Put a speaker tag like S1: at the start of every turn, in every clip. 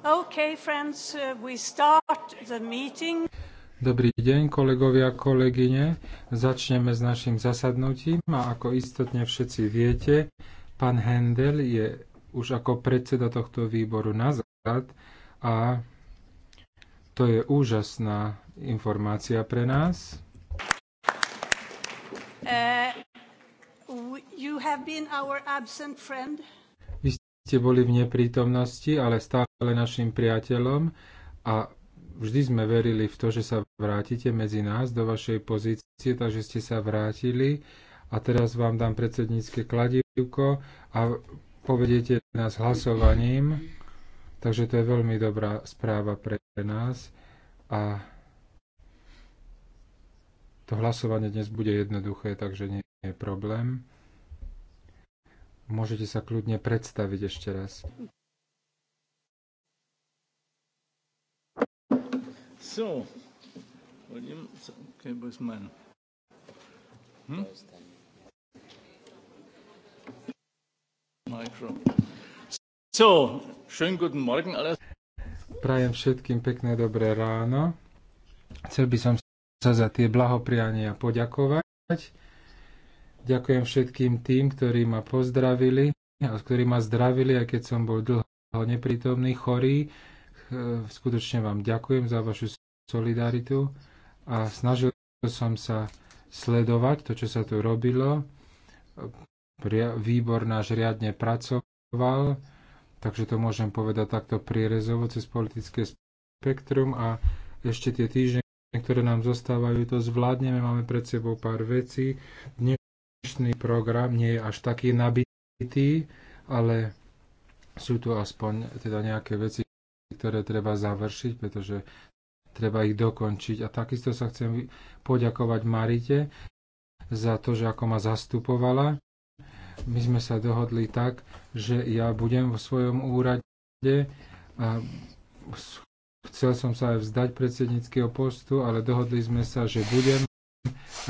S1: Okay, friends, uh,
S2: Dobrý deň, kolegovia a kolegyne. Začneme s našim zasadnutím a ako istotne všetci viete, pán Hendel je už ako predseda tohto výboru nazad a to je úžasná informácia pre nás.
S1: Uh, you have been our absent friend
S2: ste boli v neprítomnosti, ale stále našim priateľom a vždy sme verili v to, že sa vrátite medzi nás do vašej pozície, takže ste sa vrátili a teraz vám dám predsednícke kladívko a povediete nás hlasovaním. Takže to je veľmi dobrá správa pre nás a to hlasovanie dnes bude jednoduché, takže nie je problém. Môžete sa kľudne predstaviť ešte raz.
S3: So, Hm? Micro. So, schönen guten Morgen alles.
S2: Prajem všetkým pekné dobré ráno. Chcel by som sa za tie blahopriania poďakovať. Ďakujem všetkým tým, ktorí ma pozdravili a ktorí ma zdravili, aj keď som bol dlho neprítomný, chorý. Skutočne vám ďakujem za vašu solidaritu a snažil som sa sledovať to, čo sa tu robilo. Výbor náš riadne pracoval, takže to môžem povedať takto prierezovo cez politické spektrum a ešte tie týždne, ktoré nám zostávajú, to zvládneme. Máme pred sebou pár vecí. Dnes vlastný program nie je až taký nabitý, ale sú tu aspoň teda nejaké veci, ktoré treba završiť, pretože treba ich dokončiť. A takisto sa chcem poďakovať Marite za to, že ako ma zastupovala. My sme sa dohodli tak, že ja budem vo svojom úrade a Chcel som sa aj vzdať predsedníckého postu, ale dohodli sme sa, že budem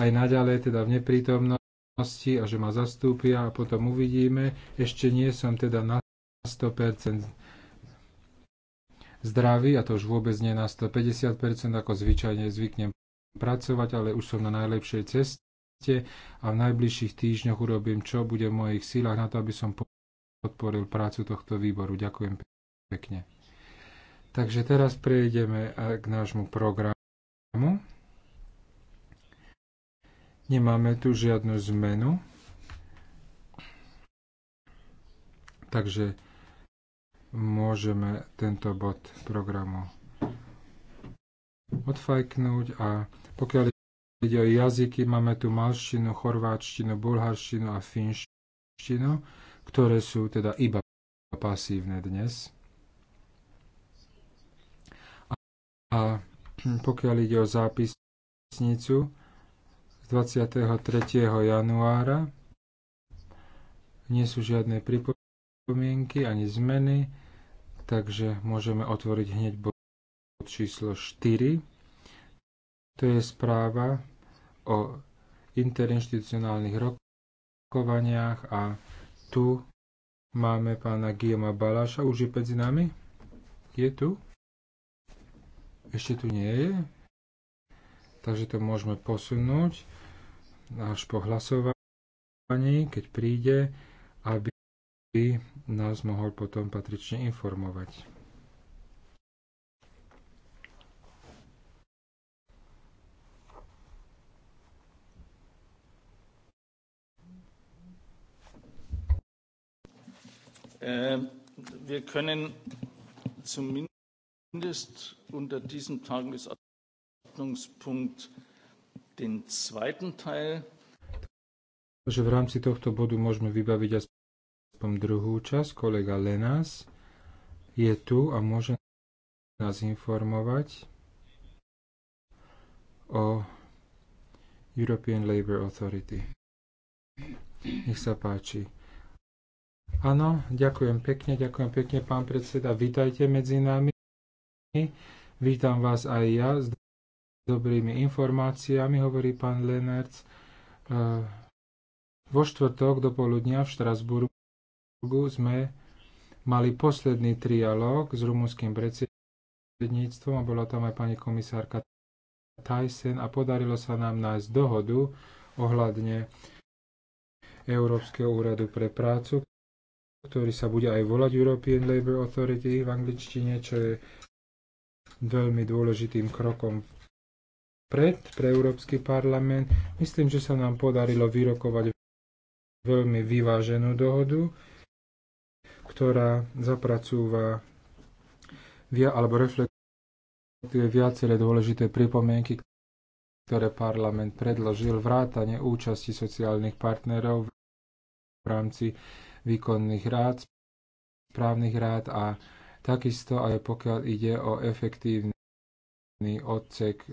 S2: aj naďalej, teda v neprítomnosti a že ma zastúpia a potom uvidíme. Ešte nie som teda na 100% zdravý a to už vôbec nie na 150%, ako zvyčajne zvyknem pracovať, ale už som na najlepšej ceste a v najbližších týždňoch urobím, čo bude v mojich sílach na to, aby som podporil prácu tohto výboru. Ďakujem pekne. Takže teraz prejdeme eh, k nášmu programu. Nemáme tu žiadnu zmenu. Takže môžeme tento bod programu odfajknúť a pokiaľ ide o jazyky, máme tu malštinu, chorváčtinu, bulharštinu a finštinu, ktoré sú teda iba pasívne dnes. A pokiaľ ide o zápisnicu, 23. januára. Nie sú žiadne pripomienky ani zmeny, takže môžeme otvoriť hneď bod číslo 4. To je správa o interinstitucionálnych rokovaniach a tu máme pána Guillaume Baláša. Už je medzi nami? Je tu? Ešte tu nie je? Takže to môžeme posunúť až po hlasovaní, keď príde, aby nás mohol potom patrične informovať.
S3: Ähm, wir können zumindest unter diesem Tagesordnungspunkt den zweiten
S2: Teil. Takže v rámci tohto bodu môžeme vybaviť aspoň druhú časť. Kolega Lenás je tu a môže nás informovať o European Labour Authority. Nech sa páči. Áno, ďakujem pekne, ďakujem pekne, pán predseda. Vítajte medzi nami. Vítam vás aj ja dobrými informáciami, hovorí pán Lenertz. E, vo štvrtok do poludnia v Štrasburgu sme mali posledný trialog s rumunským predsedníctvom a bola tam aj pani komisárka Tyson a podarilo sa nám nájsť dohodu ohľadne Európskeho úradu pre prácu, ktorý sa bude aj volať European Labour Authority v angličtine, čo je veľmi dôležitým krokom pred pre Európsky parlament. Myslím, že sa nám podarilo vyrokovať veľmi vyváženú dohodu, ktorá zapracúva via, alebo reflektuje viaceré dôležité pripomienky, ktoré parlament predložil, vrátane účasti sociálnych partnerov v rámci výkonných rád, správnych rád a takisto aj pokiaľ ide o efektívny odsek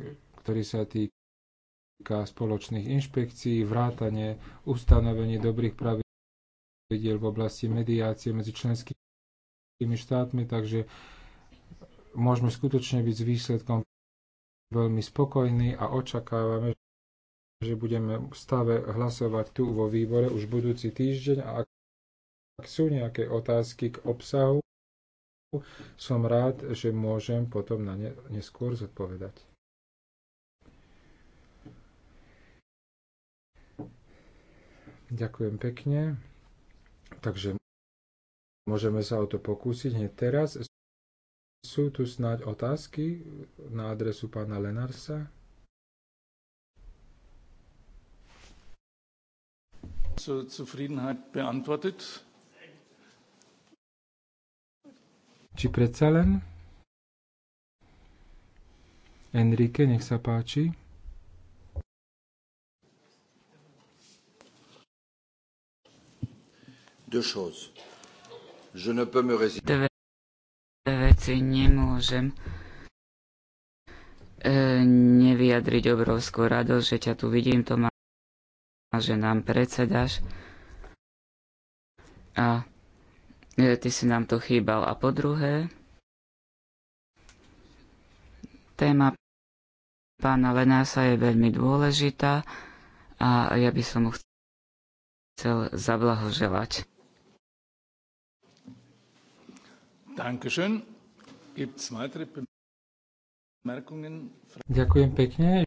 S2: ktorý sa týka spoločných inšpekcií, vrátanie ustanovení dobrých pravidiel v oblasti mediácie medzi členskými štátmi, takže môžeme skutočne byť s výsledkom veľmi spokojní a očakávame, že budeme v stave hlasovať tu vo výbore už budúci týždeň a ak sú nejaké otázky k obsahu, som rád, že môžem potom na ne neskôr zodpovedať. Ďakujem pekne. Takže môžeme sa o to pokúsiť hneď teraz. Sú tu snáď otázky na adresu pána Lenarsa?
S3: Zur Zufriedenheit beantwortet.
S2: Či predsa len? Enrique, nech sa páči. Deux choses.
S4: Je ne peux me résister. Dve veci nemôžem e, nevyjadriť obrovskú radosť, že ťa tu vidím, to má, že nám predsedáš. A e, ty si nám to chýbal. A po druhé, téma pána Lenása je veľmi dôležitá a ja by som mu chcel zablahoželať.
S3: Dankeschön. Gibt's weitere Bemerkungen?
S2: Ďakujem pekne.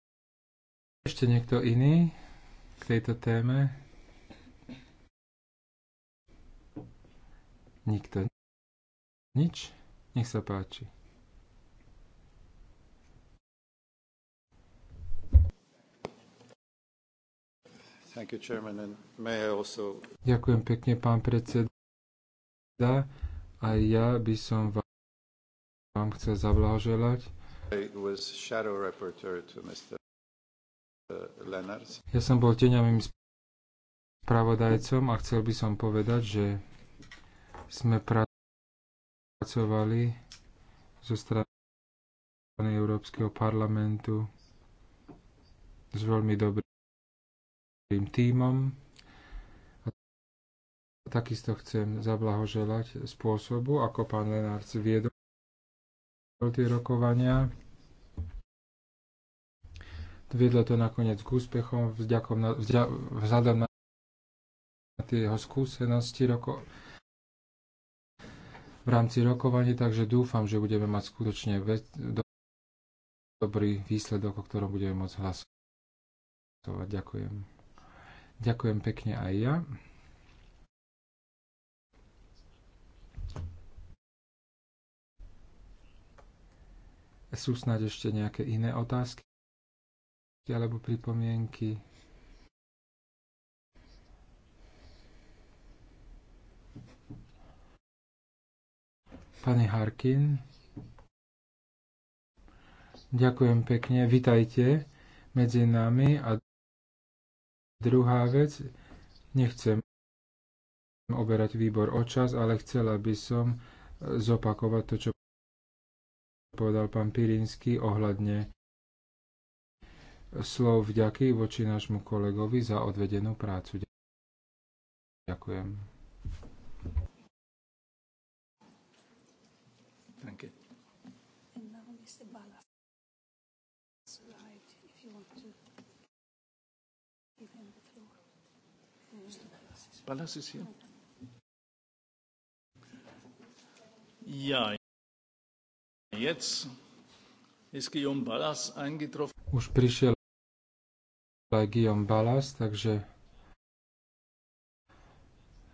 S2: Ešte niekto iný k tejto téme? Nikto. Nič? Nech sa páči. You, Chairman, also... Ďakujem pekne, pán predseda. Aj ja by som vám chcel zablahoželať. Uh, ja som bol teňovým spravodajcom a chcel by som povedať, že sme pracovali zo strany Európskeho parlamentu s veľmi dobrým tímom. Takisto chcem zablahoželať spôsobu, ako pán Lenárc viedol tie rokovania. Viedlo to nakoniec k úspechom vzďakom na, vzďa, vzhľadom na tie jeho skúsenosti roko, v rámci rokovaní, takže dúfam, že budeme mať skutočne vec, do, dobrý výsledok, o ktorom budeme môcť hlasovať. Ďakujem. Ďakujem pekne aj ja. Sú snáď ešte nejaké iné otázky alebo pripomienky? Pane Harkin. Ďakujem pekne. Vitajte medzi nami. A druhá vec, nechcem oberať výbor o čas, ale chcela by som zopakovať to, čo povedal pán Pirinsky ohľadne slov vďaky voči nášmu kolegovi za odvedenú prácu. Ďakujem. Danke.
S3: Ballas ist hier. Ja.
S2: Už prišiel aj Guillaume Balas, takže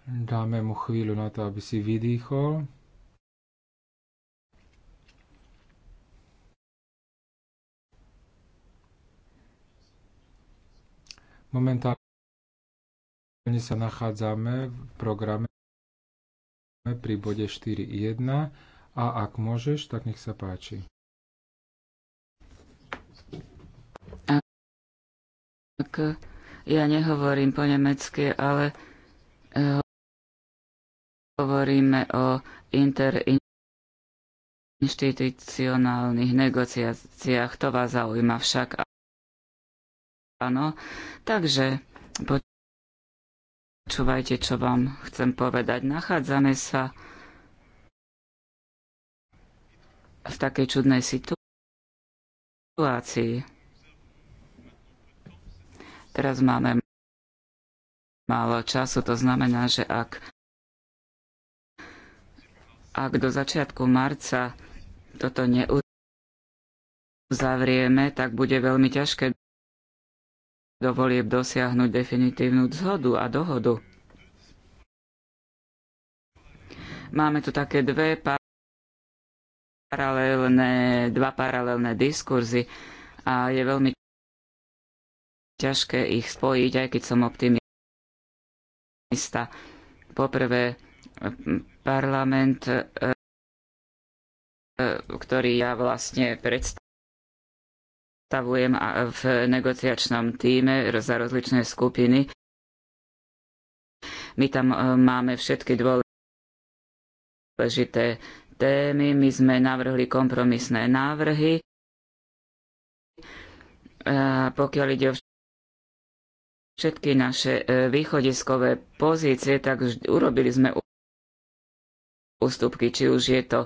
S2: dáme mu chvíľu na to, aby si vydýchol. Momentálne sa nachádzame v programe pri bode 4.1 a ak môžeš, tak nech sa páči.
S4: Ak ja nehovorím po nemecky, ale eh, hovoríme o interinstitucionálnych negociáciách. To vás zaujíma však. Áno, takže počúvajte, čo vám chcem povedať. Nachádzame sa v takej čudnej situácii. Teraz máme málo času, to znamená, že ak, ak do začiatku marca toto neuzavrieme, tak bude veľmi ťažké dovolie dosiahnuť definitívnu zhodu a dohodu. Máme tu také dve pár paralelné, dva paralelné diskurzy a je veľmi ťažké ich spojiť, aj keď som optimista. Poprvé, parlament, e, ktorý ja vlastne predstavujem v negociačnom týme za rozličné skupiny, my tam e, máme všetky dôležité témy. My sme navrhli kompromisné návrhy. A pokiaľ ide o všetky naše e, východiskové pozície, tak urobili sme ústupky, či už je to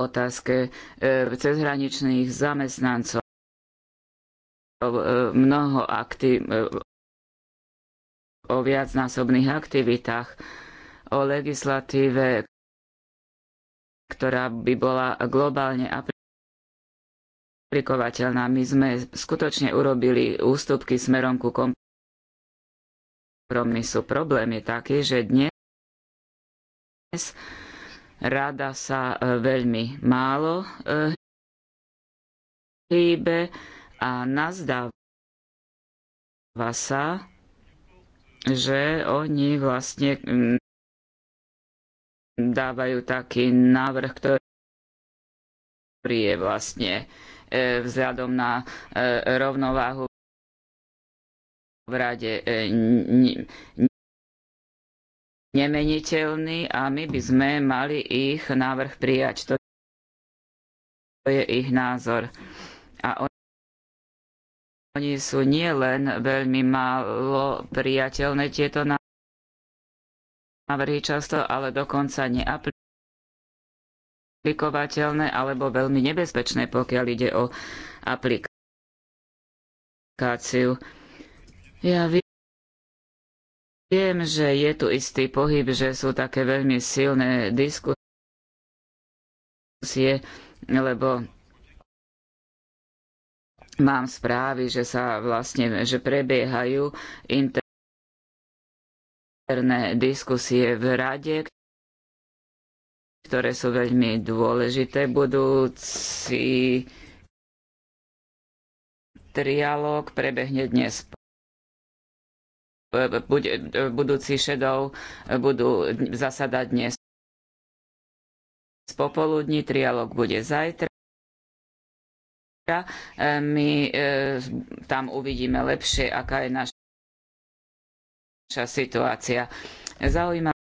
S4: otázke e, cezhraničných zamestnancov, e, mnoho aktiv, o viacnásobných aktivitách o legislatíve, ktorá by bola globálne aplikovateľná. My sme skutočne urobili ústupky smerom ku kompromisu. Problém je taký, že dnes rada sa e, veľmi málo e, hýbe a nazdáva sa, že oni vlastne dávajú taký návrh, ktorý je vlastne e, vzhľadom na e, rovnováhu v rade e, nemeniteľný a my by sme mali ich návrh prijať. To je ich názor. A oni sú nielen veľmi málo priateľné tieto návrhy často ale dokonca neaplikovateľné alebo veľmi nebezpečné, pokiaľ ide o aplikáciu. Ja viem, že je tu istý pohyb, že sú také veľmi silné diskusie, lebo mám správy, že sa vlastne, že prebiehajú inter interné diskusie v rade, ktoré sú veľmi dôležité. Budúci trialóg prebehne dnes. Bude, budúci šedov budú zasadať dnes. Popoludní trialóg bude zajtra. My e, tam uvidíme lepšie, aká je naša naša situácia. Zaujímavé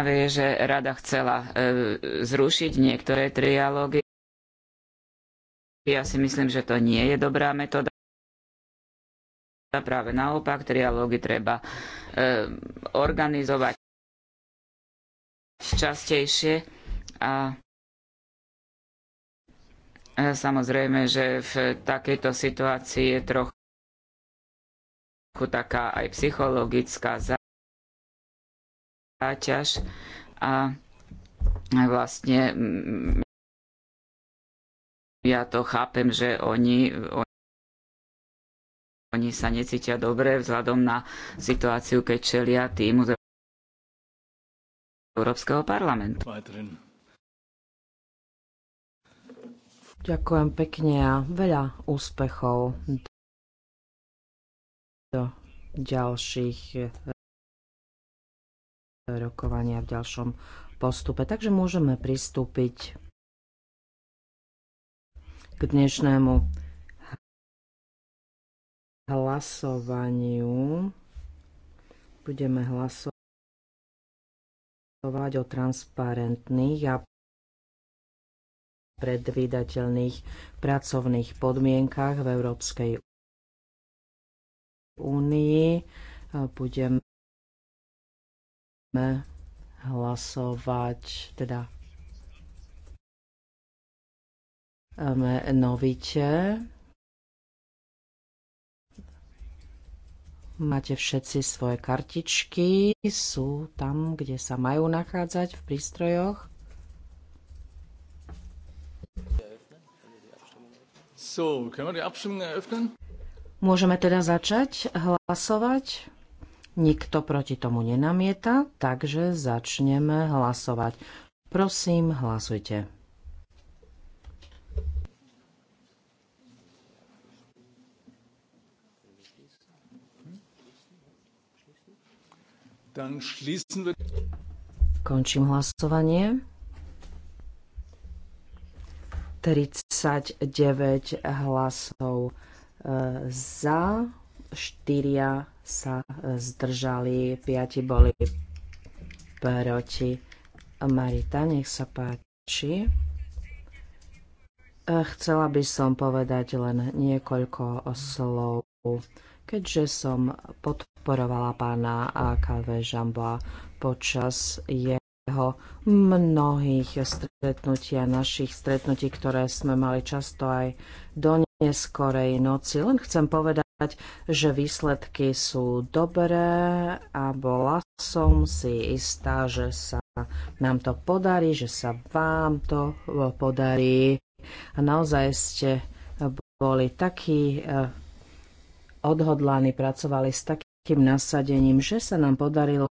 S4: je, že rada chcela e, zrušiť niektoré trialógy. Ja si myslím, že to nie je dobrá metóda. Práve naopak, trialógy treba e, organizovať častejšie a e, samozrejme, že v takejto situácii je trochu taká aj psychologická záťaž a vlastne mm, ja to chápem, že oni, oni sa necítia dobre vzhľadom na situáciu, keď čelia týmu z Európskeho parlamentu.
S1: Ďakujem pekne a veľa úspechov do ďalších e, rokovania v ďalšom postupe. Takže môžeme pristúpiť k dnešnému hlasovaniu. Budeme hlasovať o transparentných a predvídateľných pracovných podmienkach v Európskej únii. Budeme hlasovať, teda um, novite. Máte všetci svoje kartičky, sú tam, kde sa majú nachádzať v prístrojoch.
S3: So, können wir die Abstimmung
S1: eröffnen? Môžeme teda začať hlasovať. Nikto proti tomu nenamieta, takže začneme hlasovať. Prosím, hlasujte. Končím hlasovanie. 39 hlasov za, štyria sa zdržali, piati boli proti. Marita, nech sa páči. E, chcela by som povedať len niekoľko slov, keďže som podporovala pána AKV počas jeho mnohých stretnutia, našich stretnutí, ktoré sme mali často aj do neskorej noci. Len chcem povedať, že výsledky sú dobré a bola som si istá, že sa nám to podarí, že sa vám to podarí. A naozaj ste boli takí eh, odhodlaní, pracovali s takým veľkým nasadením, že sa nám podarilo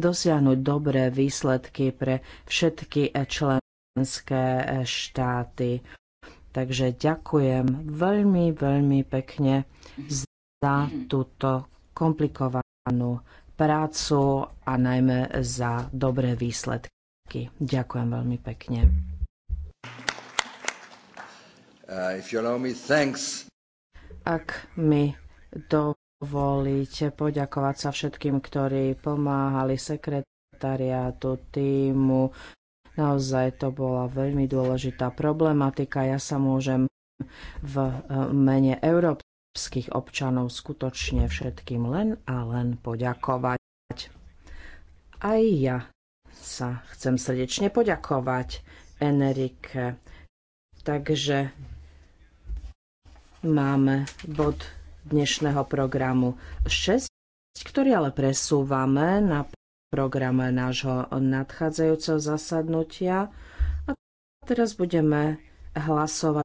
S1: dosiahnuť dobré výsledky pre všetky členské štáty. Takže ďakujem veľmi, veľmi pekne za túto komplikovanú prácu a najmä za dobré výsledky. Ďakujem veľmi pekne.
S2: Uh, me,
S1: Ak mi do dovoliť poďakovať sa všetkým, ktorí pomáhali sekretariátu, týmu. Naozaj to bola veľmi dôležitá problematika. Ja sa môžem v eh, mene európskych občanov skutočne všetkým len a len poďakovať. Aj ja sa chcem srdečne poďakovať Enrike. Takže máme bod dnešného programu 6, ktorý ale presúvame na program nášho nadchádzajúceho zasadnutia. A teraz budeme hlasovať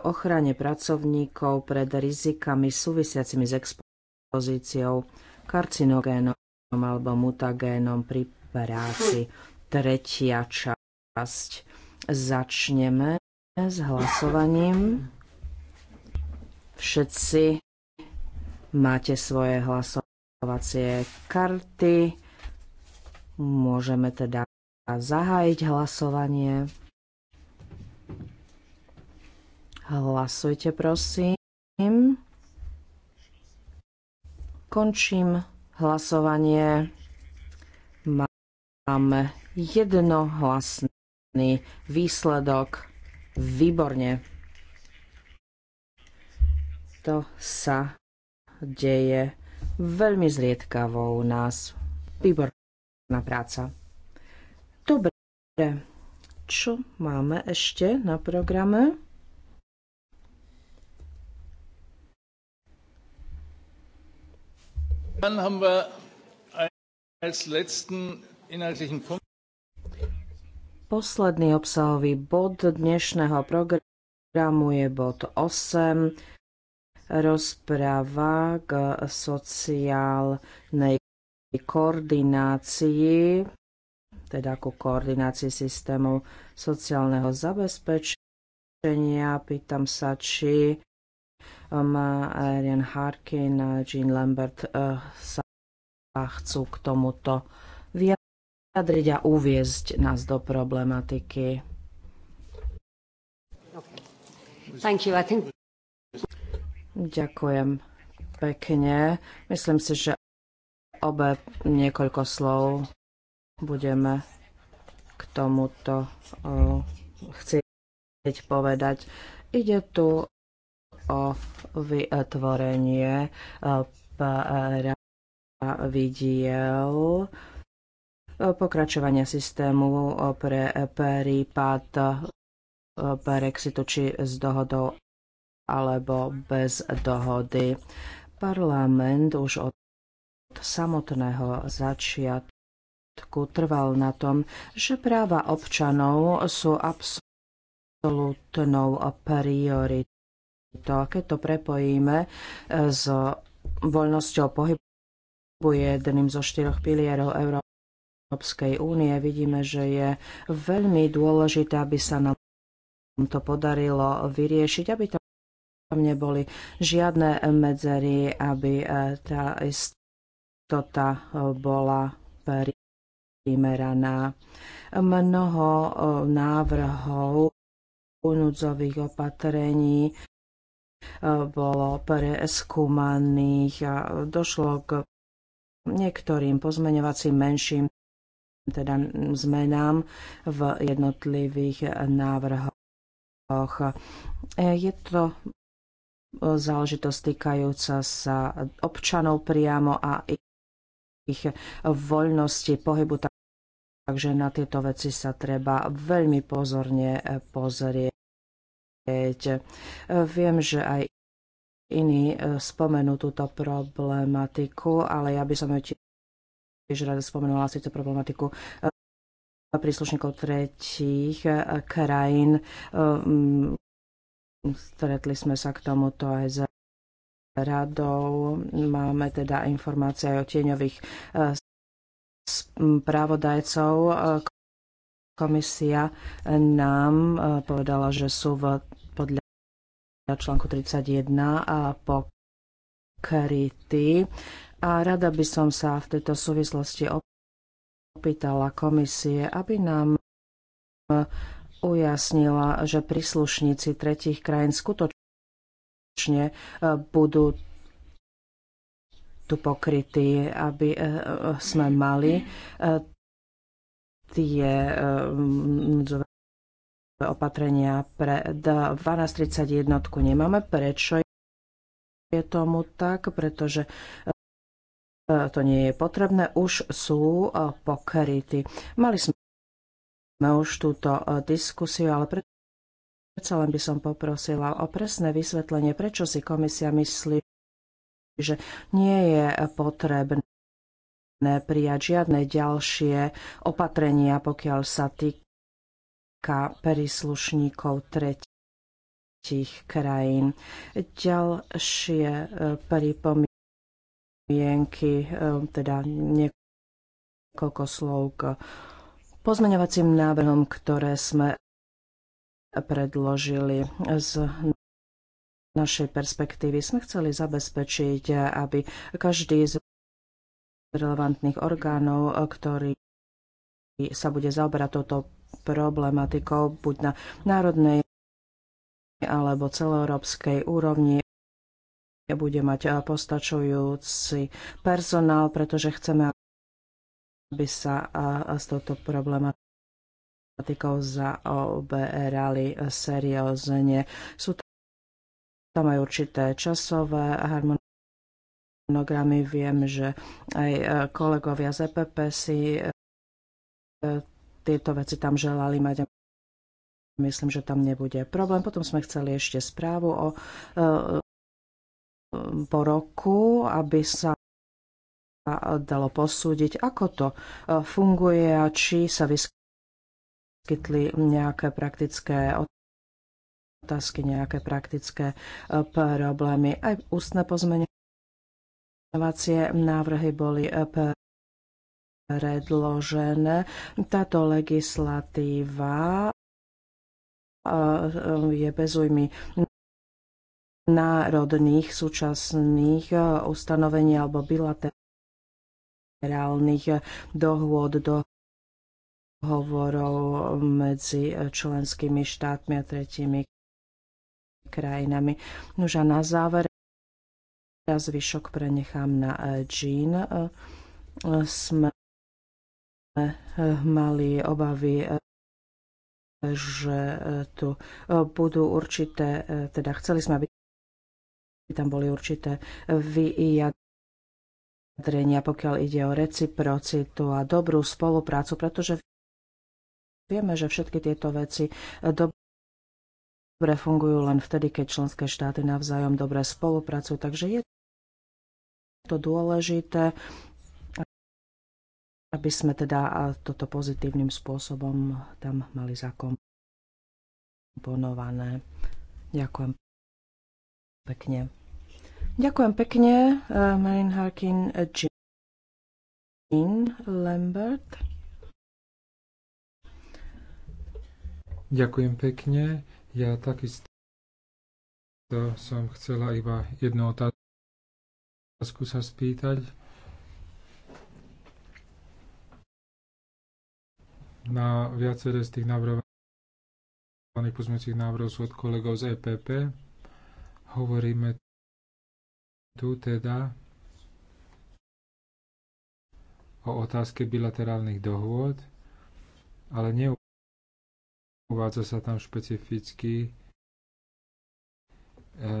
S1: o ochrane pracovníkov pred rizikami súvisiacimi s expozíciou karcinogénom alebo mutagénom pri práci. Tretia časť. Začneme s hlasovaním. Všetci Máte svoje hlasovacie karty. Môžeme teda zahájiť hlasovanie. Hlasujte, prosím. Končím hlasovanie. Máme jednohlasný výsledok. Výborne. To sa deje veľmi zriedkavo u nás. Výborná práca. Dobre, čo máme ešte na programe?
S3: Dann haben wir als letzten inhaltlichen Punkt
S1: Posledný obsahový bod dnešného programu je bod 8 rozpráva k sociálnej koordinácii, teda ku koordinácii systému sociálneho zabezpečenia. Pýtam sa, či má Arian Harkin a Jean Lambert eh, sa chcú k tomuto vyjadriť a uviezť nás do problematiky. Okay. Thank you. I think... Ďakujem pekne. Myslím si, že obe niekoľko slov budeme k tomuto chcieť povedať. Ide tu o vytvorenie vidiel pokračovania systému pre prípad Brexitu či s dohodou alebo bez dohody. Parlament už od samotného začiatku trval na tom, že práva občanov sú absolútnou prioritou. Keď to prepojíme e, s voľnosťou pohybu jedným zo štyroch pilierov Európskej únie, vidíme, že je veľmi dôležité, aby sa nám to podarilo vyriešiť, aby tam tam neboli žiadne medzery, aby e, tá istota e, bola primeraná. Mnoho e, návrhov núdzových opatrení bolo preskúmaných a došlo k niektorým pozmeňovacím menším teda zmenám v jednotlivých návrhoch. Je to E, záležitosť týkajúca sa občanov priamo a ich voľnosti pohybu. Takže na tieto veci sa treba veľmi pozorne e, pozrieť. E, viem, že aj iní spomenú túto problematiku, ale ja by som ju tiež rada spomenula si tú problematiku príslušníkov tretích krajín, Stretli sme sa k tomuto aj za radou. Máme teda informácie aj o tieňových eh, správodajcov. Komisia nám eh, povedala, že sú v, podľa článku 31 a eh, pokrytí. A rada by som sa v tejto súvislosti opýtala komisie, aby nám ujasnila, že príslušníci tretich krajín skutočne e, budú tu pokrytí, aby e, e, sme mali tie opatrenia pre 1231 nemáme. Prečo je tomu tak? Pretože to nie je potrebné, už sú pokrytí. Mali sme už túto e, diskusiu, ale Predsa len by som poprosila o presné vysvetlenie, prečo si komisia myslí, že nie je potrebné prijať žiadne ďalšie opatrenia, pokiaľ sa týka príslušníkov tretích krajín. Ďalšie e, pripomienky, e, teda niekoľko slov k pozmeňovacím návrhom, ktoré sme predložili z našej perspektívy. Sme chceli zabezpečiť, aby každý z relevantných orgánov, ktorý sa bude zaoberať touto problematikou, buď na národnej alebo celoeurópskej úrovni, bude mať postačujúci personál, pretože chceme, aby sa s touto problematikou zaoberali seriózne. Sú tam aj určité časové harmonie Viem, že aj e, kolegovia z EPP si e, tieto veci tam želali mať. Myslím, že tam nebude problém. Potom sme chceli ešte správu o e, po roku, aby sa dalo posúdiť, ako to e, funguje a či sa vyskytli nejaké praktické otázky, nejaké praktické e, problémy. Aj ústne pozmeňovacie návrhy boli e, predložené. Táto legislatíva je bez ujmy národných súčasných ustanovení alebo bilaterálnych bilaterálnych eh, dohôd, hovorov eh, medzi eh, členskými štátmi a tretími krajinami. Nož a na záver ja zvyšok prenechám na Jean. Sme mali obavy že tu budú určité, teda chceli sme, aby tam boli určité vyjadrenia vyjadrenia, pokiaľ ide o reciprocitu a dobrú spoluprácu, pretože vieme, že všetky tieto veci dobre fungujú len vtedy, keď členské štáty navzájom dobre spolupracujú. Takže je to dôležité, aby sme teda toto pozitívnym spôsobom tam mali zakomponované. Ďakujem pekne. Ďakujem pekne, eh, Marin Harkin, eh, Jean Lambert.
S2: Ďakujem pekne. Ja takisto som chcela iba jednu otázku sa spýtať. Na viaceré z tých navrhovaných pozmeňujúcich návrhov sú od kolegov z EPP. Hovoríme tu teda o otázke bilaterálnych dohôd, ale neuvádza sa tam špecificky e,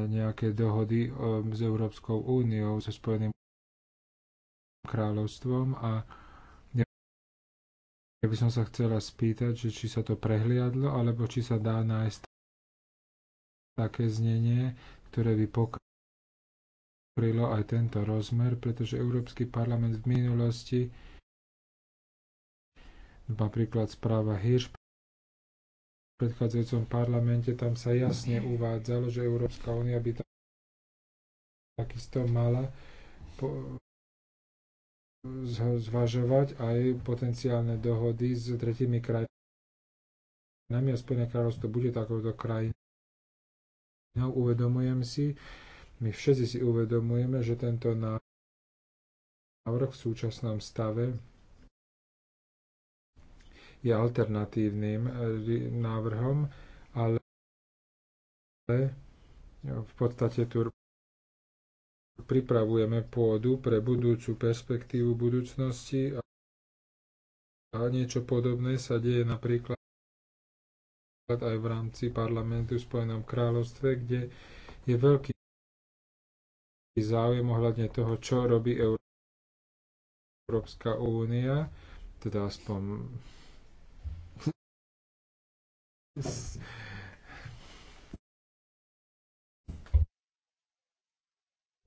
S2: nejaké dohody e, s Európskou úniou, so Spojeným kráľovstvom a ja by som sa chcela spýtať, že či sa to prehliadlo, alebo či sa dá nájsť také znenie, ktoré by pokračovalo podporilo aj tento rozmer, pretože Európsky parlament v minulosti napríklad správa Hirš v predchádzajúcom parlamente, tam sa jasne uvádzalo, že Európska únia by takisto mala zvažovať aj potenciálne dohody s tretimi krajinami a Spojené kráľovstvo bude takouto krajinou. Uvedomujem si, my všetci si uvedomujeme, že tento návrh v súčasnom stave je alternatívnym eh, návrhom, ale v podstate tu pripravujeme pôdu pre budúcu perspektívu budúcnosti a niečo podobné sa deje napríklad aj v rámci parlamentu v Spojenom kráľovstve, kde je veľký záujem ohľadne toho, čo robí Európska únia, teda aspoň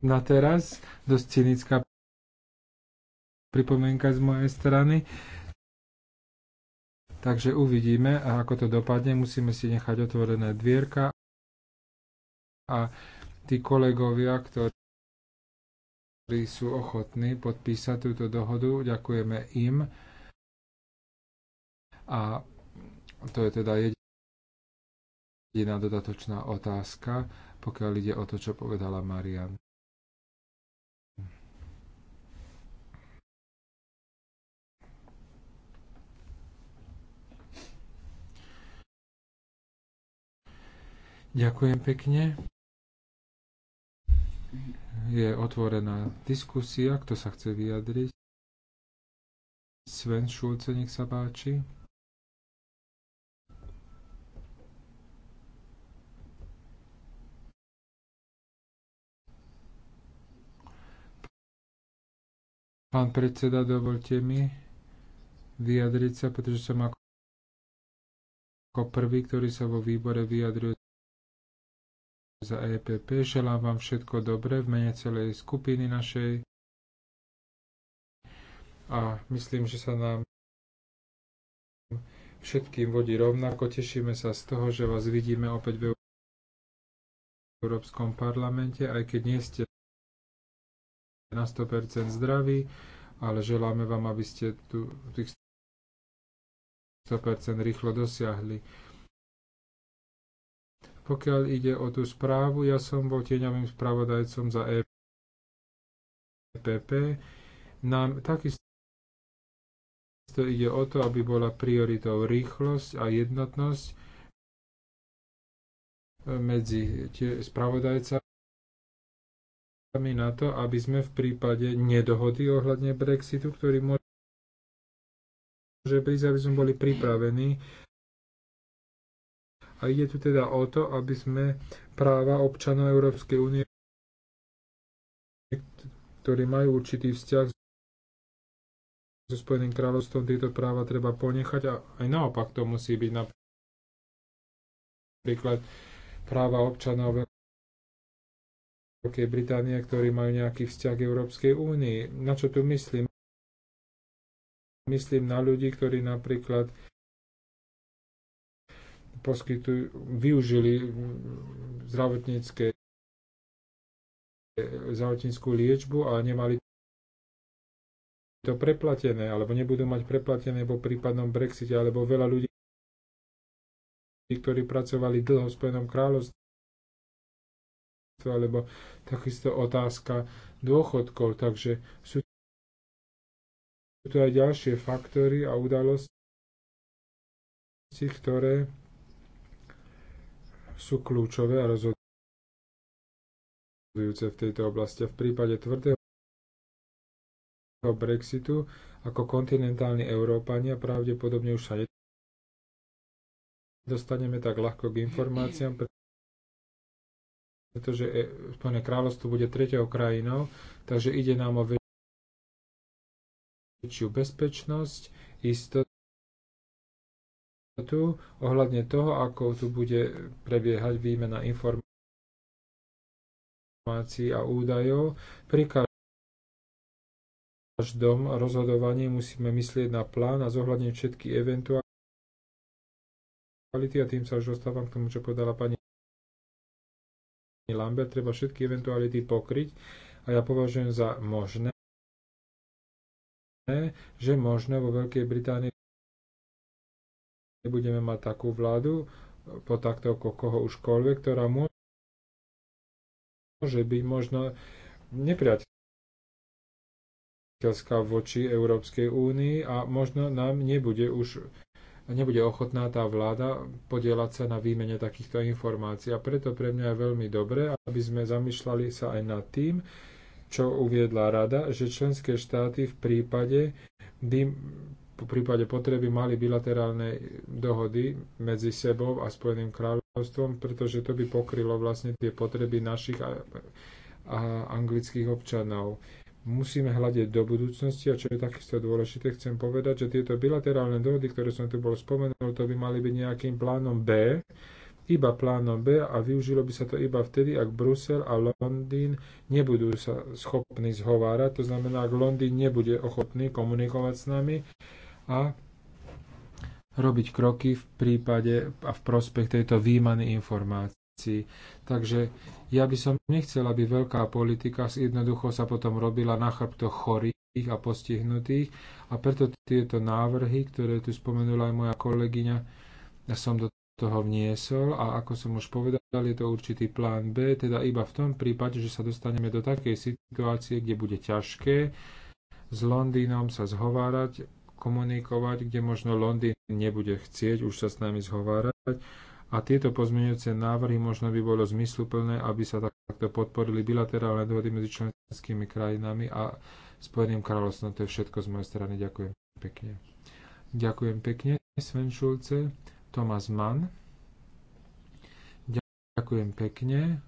S2: na teraz, dosť cynická pripomienka z mojej strany. Takže uvidíme, ako to dopadne, musíme si nechať otvorené dvierka a tí kolegovia, ktorí ktorí sú ochotní podpísať túto dohodu. Ďakujeme im. A to je teda jediná dodatočná otázka, pokiaľ ide o to, čo povedala Marian. Ďakujem pekne je otvorená diskusia. Kto sa chce vyjadriť? Sven Šulce, nech sa páči. Pán predseda, dovolte mi vyjadriť sa, pretože som ako prvý, ktorý sa vo výbore vyjadruje za EPP. Želám vám všetko dobré v mene celej skupiny našej a myslím, že sa nám všetkým vodí rovnako. Tešíme sa z toho, že vás vidíme opäť v Európskom parlamente, aj keď nie ste na 100% zdraví, ale želáme vám, aby ste tu tých 100% rýchlo dosiahli. Pokiaľ ide o tú správu, ja som bol tieňovým spravodajcom za EPP. Nám takisto ide o to, aby bola prioritou rýchlosť a jednotnosť medzi spravodajcami na to, aby sme v prípade nedohody ohľadne Brexitu, ktorý môže prísť, aby sme boli pripravení a ide tu teda o to, aby sme práva občanov Európskej únie, ktorí majú určitý vzťah so Spojeným kráľovstvom, tieto práva treba ponechať a aj naopak to musí byť napríklad práva občanov Veľkej Británie, ktorí majú nejaký vzťah k Európskej únii. Na čo tu myslím? Myslím na ľudí, ktorí napríklad poskytujú, využili zdravotnícke zdravotníckú liečbu a nemali to preplatené, alebo nebudú mať preplatené po prípadnom Brexite, alebo veľa ľudí, ktorí pracovali dlho v Spojenom kráľovstve, alebo takisto otázka dôchodkov. Takže sú tu aj ďalšie faktory a udalosti, ktoré sú kľúčové a rozhodujúce v tejto oblasti. A v prípade tvrdého Brexitu ako kontinentálni Európania pravdepodobne už sa nedostaneme tak ľahko k informáciám, pretože e- Spojené kráľovstvo bude tretiou krajinou, takže ide nám o väčšiu bezpečnosť, istotu, tu ohľadne toho, ako tu bude prebiehať výmena informácií a údajov. Pri každom rozhodovaní musíme myslieť na plán a zohľadniť všetky eventuality a tým sa už dostávam k tomu, čo povedala pani Lambert, treba všetky eventuality pokryť a ja považujem za možné, že možno vo Veľkej Británii nebudeme mať takú vládu eh, takto ako koho užkoľvek, ktorá môže byť možno nepriateľská voči Európskej únii a možno nám nebude už nebude ochotná tá vláda podielať sa na výmene takýchto informácií. A preto pre mňa je veľmi dobré, aby sme zamýšľali sa aj nad tým, čo uviedla rada, že členské štáty v prípade by v prípade potreby mali bilaterálne dohody medzi sebou a Spojeným kráľovstvom, pretože to by pokrylo vlastne tie potreby našich a, a anglických občanov. Musíme hľadiť do budúcnosti a čo je takisto dôležité, chcem povedať, že tieto bilaterálne dohody, ktoré som tu bol spomenul, to by mali byť nejakým plánom B, iba plánom B a využilo by sa to iba vtedy, ak Brusel a Londýn nebudú sa schopní zhovárať, to znamená, ak Londýn nebude ochotný komunikovať s nami, a robiť kroky v prípade a v prospech tejto výmany informácií. Takže ja by som nechcel, aby veľká politika jednoducho sa potom robila na chrbto chorých a postihnutých a preto tieto návrhy, ktoré tu spomenula aj moja kolegyňa, ja som do toho vniesol a ako som už povedal, je to určitý plán B, teda iba v tom prípade, že sa dostaneme do takej situácie, kde bude ťažké s Londýnom sa zhovárať komunikovať, kde možno Londýn nebude chcieť už sa s nami zhovárať. A tieto pozmeňujúce návrhy možno by bolo zmysluplné, aby sa takto podporili bilaterálne dohody medzi členskými krajinami a Spojeným kráľovstvom. To je všetko z mojej strany. Ďakujem pekne. Ďakujem pekne, Sven Šulce. Tomas Mann. Ďakujem pekne.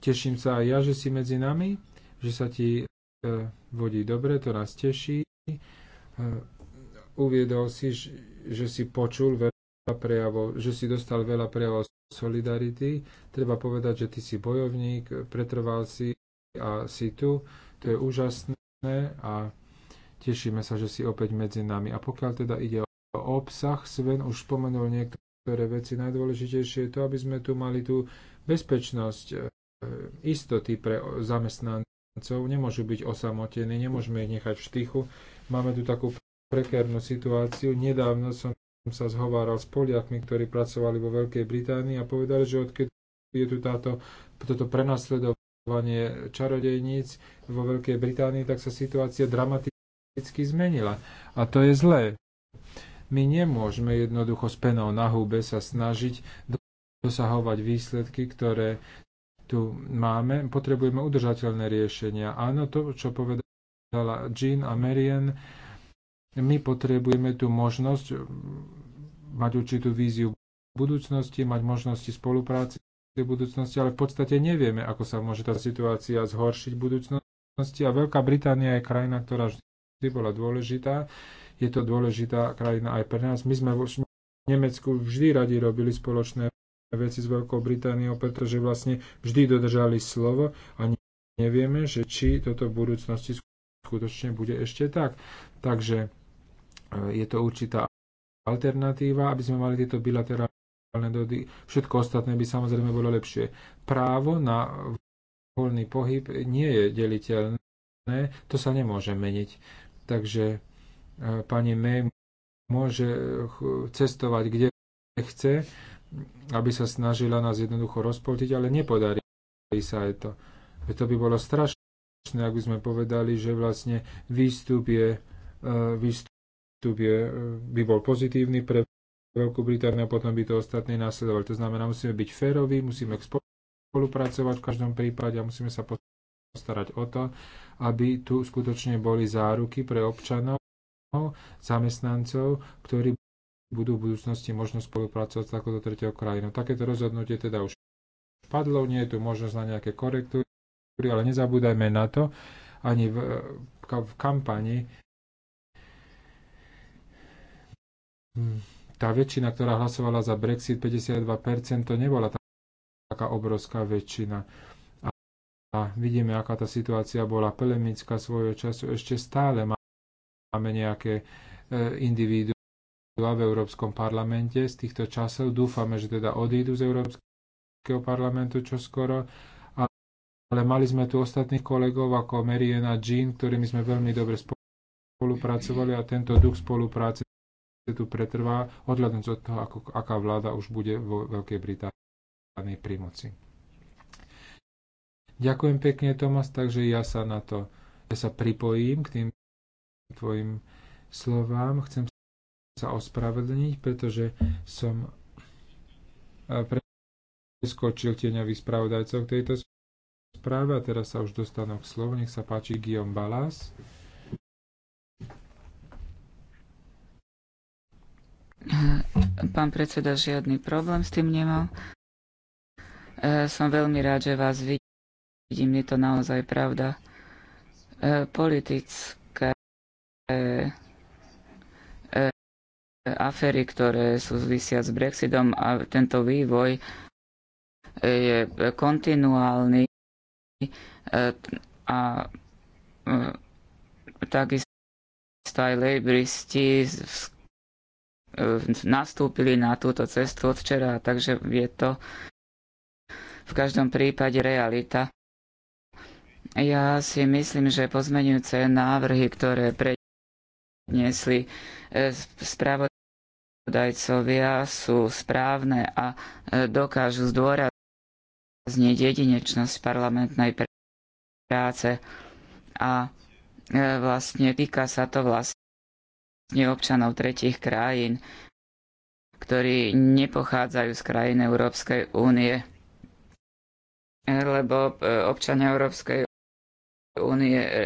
S2: Teším sa aj ja, že si medzi nami, že sa ti E, vodí dobre, to nás teší. E, uviedol si, že si počul veľa prejavov, že si dostal veľa prejavov solidarity. Treba povedať, že ty si bojovník, pretrval si a si tu. To je úžasné a tešíme sa, že si opäť medzi nami. A pokiaľ teda ide o obsah, Sven už spomenul niektoré veci. Najdôležitejšie je to, aby sme tu mali tú bezpečnosť, e, istoty pre zamestnaných zamestnancov nemôžu byť osamotení, nemôžeme ich nechať v štychu. Máme tu takú prekérnu situáciu. Nedávno som sa zhováral s Poliakmi, ktorí pracovali vo Veľkej Británii a povedali, že odkedy je tu táto, toto prenasledovanie čarodejníc vo Veľkej Británii, tak sa situácia dramaticky zmenila. A to je zlé. My nemôžeme jednoducho s penou na húbe sa snažiť dosahovať výsledky, ktoré tu máme, potrebujeme udržateľné riešenia. Áno, to, čo povedala Jean a Marian, my potrebujeme tú možnosť mať určitú víziu budúcnosti, mať možnosti spolupráce v budúcnosti, ale v podstate nevieme, ako sa môže tá situácia zhoršiť v budúcnosti. A Veľká Británia je krajina, ktorá vždy bola dôležitá. Je to dôležitá krajina aj pre nás. My sme v Nemecku vždy radi robili spoločné veci s Veľkou Britániou, pretože vlastne vždy dodržali slovo a nevieme, že či toto v budúcnosti skutočne bude ešte tak. Takže e, je to určitá alternatíva, aby sme mali tieto bilaterálne dody, Všetko ostatné by samozrejme bolo lepšie. Právo na voľný pohyb nie je deliteľné, to sa nemôže meniť. Takže e, pani May môže cestovať, kde chce, aby sa snažila nás jednoducho rozpoltiť, ale nepodarí sa aj to. To by bolo strašné, ak by sme povedali, že vlastne výstup je, e, výstup je, e, by bol pozitívny pre Veľkú Britániu a potom by to ostatní následovali. To znamená, musíme byť féroví, musíme spolupracovať v každom prípade a musíme sa postarať o to, aby tu skutočne boli záruky pre občanov, zamestnancov, ktorí budú v budúcnosti možno spolupracovať s takouto tretiou krajinou. Takéto rozhodnutie teda už padlo, nie je tu možnosť na nejaké korektúry, ale nezabúdajme na to, ani v, v kampani hm, tá väčšina, ktorá hlasovala za Brexit, 52%, to nebola taká obrovská väčšina. A, a vidíme, aká tá situácia bola polemická svojho času. Ešte stále máme nejaké e, individu, v Európskom parlamente z týchto časov. Dúfame, že teda odídu z Európskeho parlamentu čoskoro. Ale mali sme tu ostatných kolegov ako Mariana Jean, ktorými sme veľmi dobre spolupracovali a tento duch spolupráce tu pretrvá, odhľadnúť od toho, ako, aká vláda už bude vo Veľkej Británii pri moci. Ďakujem pekne, Tomas, takže ja sa na to ja sa pripojím k tým tvojim slovám. Chcem sa ospravedlniť, pretože som e, preskočil tieňových spravodajcov k tejto správe a teraz sa už dostanú k slovu. Nech sa páči Guillaume Balas.
S4: Pán predseda žiadny problém s tým nemal. E, som veľmi rád, že vás vidím. Je to naozaj pravda. E, politické aféry, ktoré súvisia s Brexitom a tento vývoj e, je kontinuálny e, a e, takisto aj lejbristi nastúpili na túto cestu od včera, takže je to v každom prípade realita. Ja si myslím, že pozmenujúce návrhy, ktoré pre predniesli e, spravodajcovia, sú správne a e, dokážu zdôrazniť jedinečnosť parlamentnej práce. A e, vlastne týka sa to vlastne občanov tretich krajín, ktorí nepochádzajú z krajín Európskej únie lebo občania Európskej únie, e,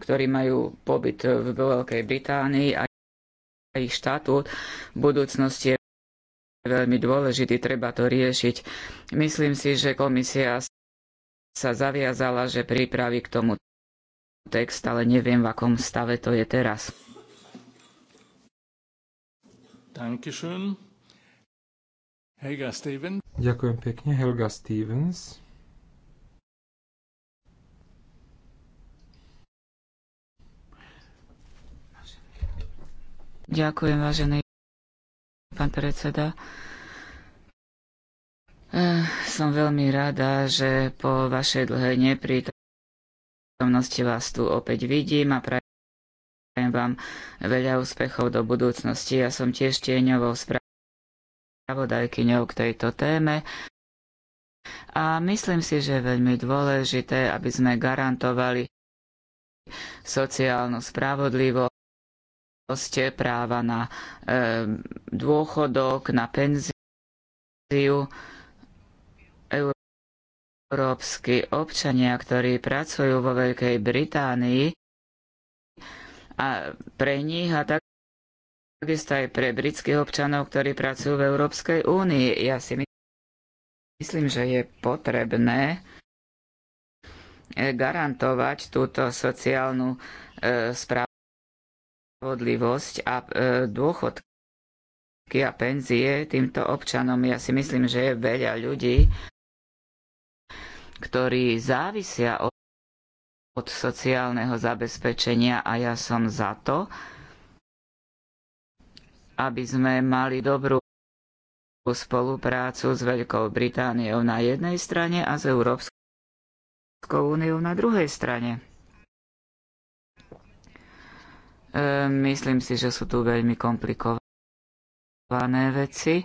S4: ktorí majú pobyt v Veľkej Británii a ich štatút v budúcnosti je veľmi dôležitý, treba to riešiť. Myslím si, že komisia sa zaviazala, že pripraví k tomu text, ale neviem, v akom stave to je teraz.
S2: Ďakujem pekne, Helga Stevens.
S4: Ďakujem, vážený pán predseda. Eh, som veľmi rada, že po vašej dlhej neprítomnosti vás tu opäť vidím a prajem vám veľa úspechov do budúcnosti. Ja som tiež tieňovou spravodajkyňou k tejto téme a myslím si, že je veľmi dôležité, aby sme garantovali sociálnu spravodlivosť ste práva na e, dôchodok, na penziu. Európsky občania, ktorí pracujú vo Veľkej Británii, a pre nich a takisto aj pre britských občanov, ktorí pracujú v Európskej únii. Ja si myslím, že je potrebné e, garantovať túto sociálnu e, správu spravodlivosť a e, dôchodky a penzie týmto občanom. Ja si myslím, že je veľa ľudí, ktorí závisia od, od sociálneho zabezpečenia a ja som za to, aby sme mali dobrú spoluprácu s Veľkou Britániou na jednej strane a s Európskou úniou na druhej strane. E, myslím si, že sú tu veľmi komplikované veci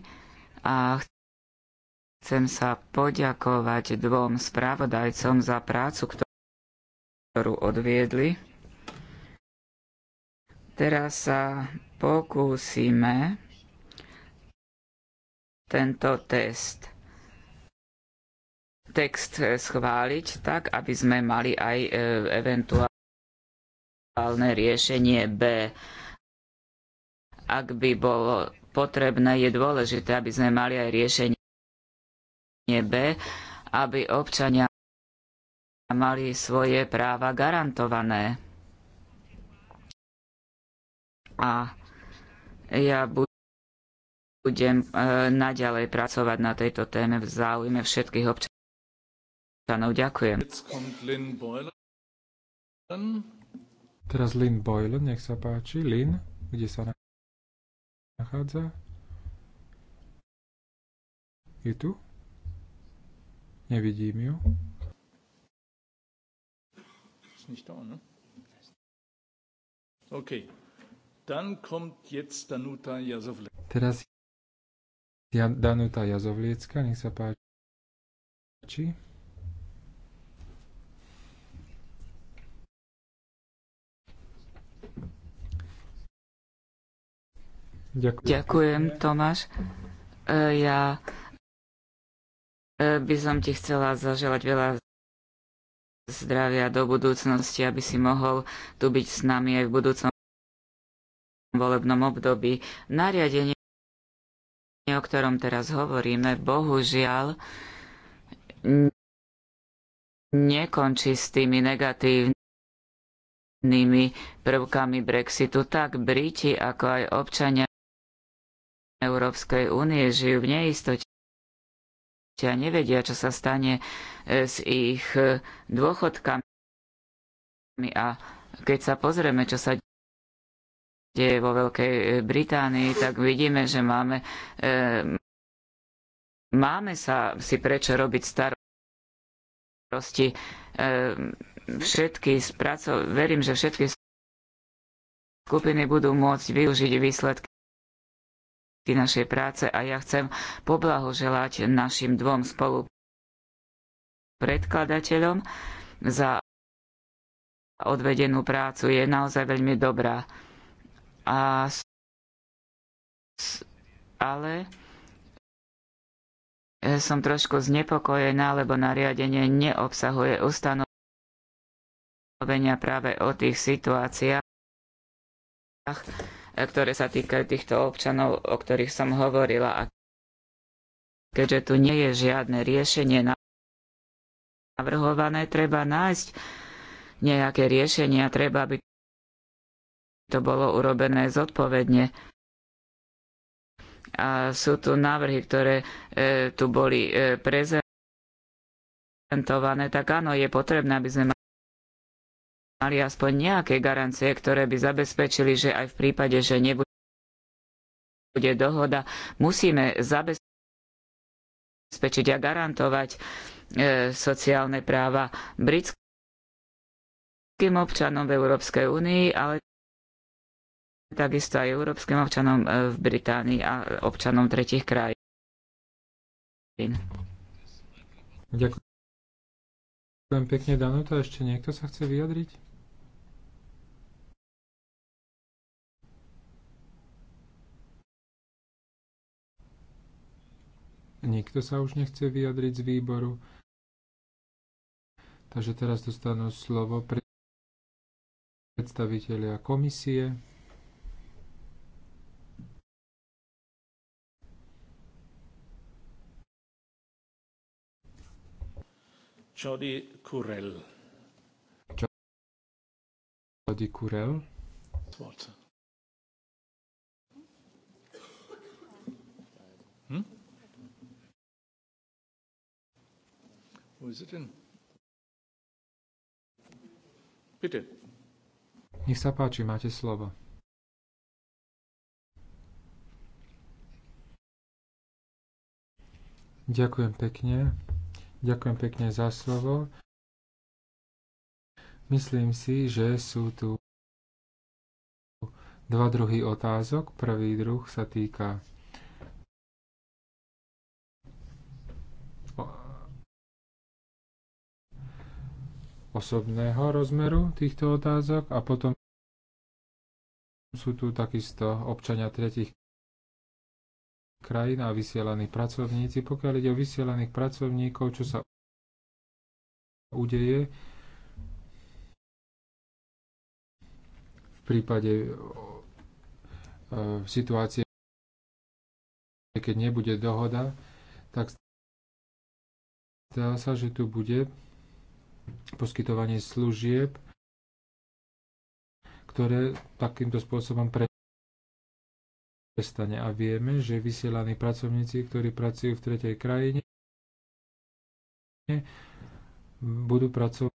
S4: a chcem sa poďakovať dvom spravodajcom za prácu, ktorú odviedli. Teraz sa pokúsime tento test text schváliť tak, aby sme mali aj e, eventuálne riešenie B. Ak by bolo potrebné, je dôležité, aby sme mali aj riešenie B, aby občania mali svoje práva garantované. A ja budem e, naďalej pracovať na tejto téme v záujme všetkých občanov. Ďakujem.
S2: Teraz Lynn Boyle, nech sa páči. Lynn, kde sa nachádza? Je tu? Nevidím ju.
S3: OK. nicht Dann kommt jetzt Danuta Jazovliecka.
S2: Teraz Danuta Jazovliecka, nech sa páči.
S4: Ďakujem. Ďakujem, Tomáš. E, ja e, by som ti chcela zaželať veľa zdravia do budúcnosti, aby si mohol tu byť s nami aj v budúcom volebnom období. Nariadenie, o ktorom teraz hovoríme, bohužiaľ nekončí s tými negatívnymi prvkami Brexitu. Tak Briti, ako aj občania Európskej únie žijú v neistote a nevedia, čo sa stane e, s ich e, dôchodkami. A keď sa pozrieme, čo sa deje vo Veľkej e, Británii, tak vidíme, že máme, e, máme sa si prečo robiť starosti. E, všetky spraco- verím, že všetky skupiny budú môcť využiť výsledky našej práce a ja chcem poblahoželať našim dvom spolu predkladateľom za odvedenú prácu. Je naozaj veľmi dobrá. A, ale som trošku znepokojená, lebo nariadenie neobsahuje ustanovenia práve o tých situáciách, ktoré sa týkajú týchto občanov, o ktorých som hovorila. A keďže tu nie je žiadne riešenie navrhované, treba nájsť nejaké riešenie a treba, aby to bolo urobené zodpovedne. A sú tu návrhy, ktoré e, tu boli e, prezentované, tak áno, je potrebné, aby sme mali mali aspoň nejaké garancie, ktoré by zabezpečili, že aj v prípade, že nebude dohoda, musíme zabezpečiť a garantovať e, sociálne práva britským občanom v Európskej únii, ale takisto aj európskym občanom e, v Británii a občanom tretich krajín. Ďakujem.
S2: pekne, Danuta. Ešte niekto sa chce vyjadriť? Nikto sa už nechce vyjadriť z výboru. Takže teraz dostanú slovo predstaviteľia komisie.
S3: Jody Kurel.
S2: Jody Kurel.
S3: Sforza. Wo ist es denn?
S2: Bitte. Nech sa páči, máte slovo. Ďakujem pekne. Ďakujem pekne za slovo. Myslím si, že sú tu dva druhy otázok. Prvý druh sa týka osobného rozmeru týchto otázok a potom sú tu takisto občania tretich krajín a vysielaní pracovníci. Pokiaľ ide o vysielaných pracovníkov, čo sa udeje v prípade v e, situácie, keď nebude dohoda, tak zdá sa, že tu bude poskytovanie služieb, ktoré takýmto spôsobom prestane. A vieme, že vysielaní pracovníci, ktorí pracujú v tretej krajine, budú pracovať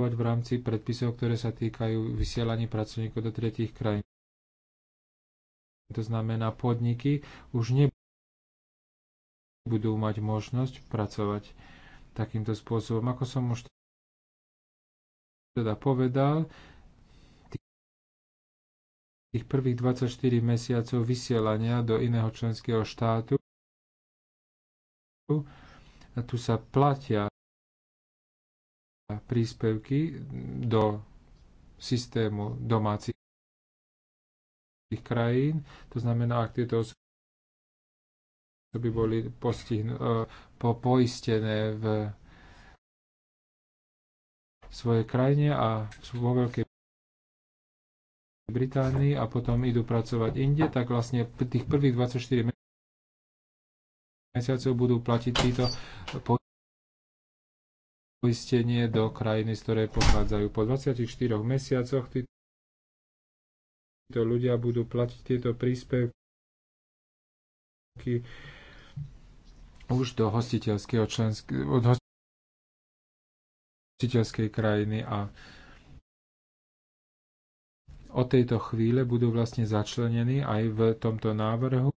S2: v rámci predpisov, ktoré sa týkajú vysielaní pracovníkov do tretích krajín. To znamená, podniky už nebudú mať možnosť pracovať takýmto spôsobom. Ako som už teda povedal, tých prvých 24 mesiacov vysielania do iného členského štátu. A tu sa platia príspevky do systému domácich krajín. To znamená, ak tieto osoby by boli postihnu, e, po, poistené v svojej krajine a sú vo veľkej Británii a potom idú pracovať inde, tak vlastne tých prvých 24 mesiacov budú platiť títo poistenie do krajiny, z ktorej pochádzajú. Po 24 mesiacoch títo ľudia budú platiť tieto príspevky už do hostiteľského členského od hostiteľskej krajiny a od tejto chvíle budú vlastne začlenení aj v tomto návrhu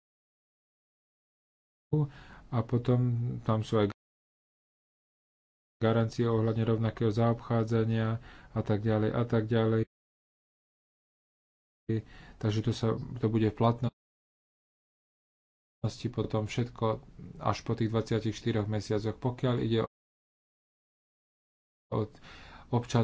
S2: a potom tam sú aj garancie ohľadne rovnakého zaobchádzania a tak ďalej a tak ďalej. Takže to, sa, to bude v potom všetko až po tých 24 mesiacoch, pokiaľ ide od občanov.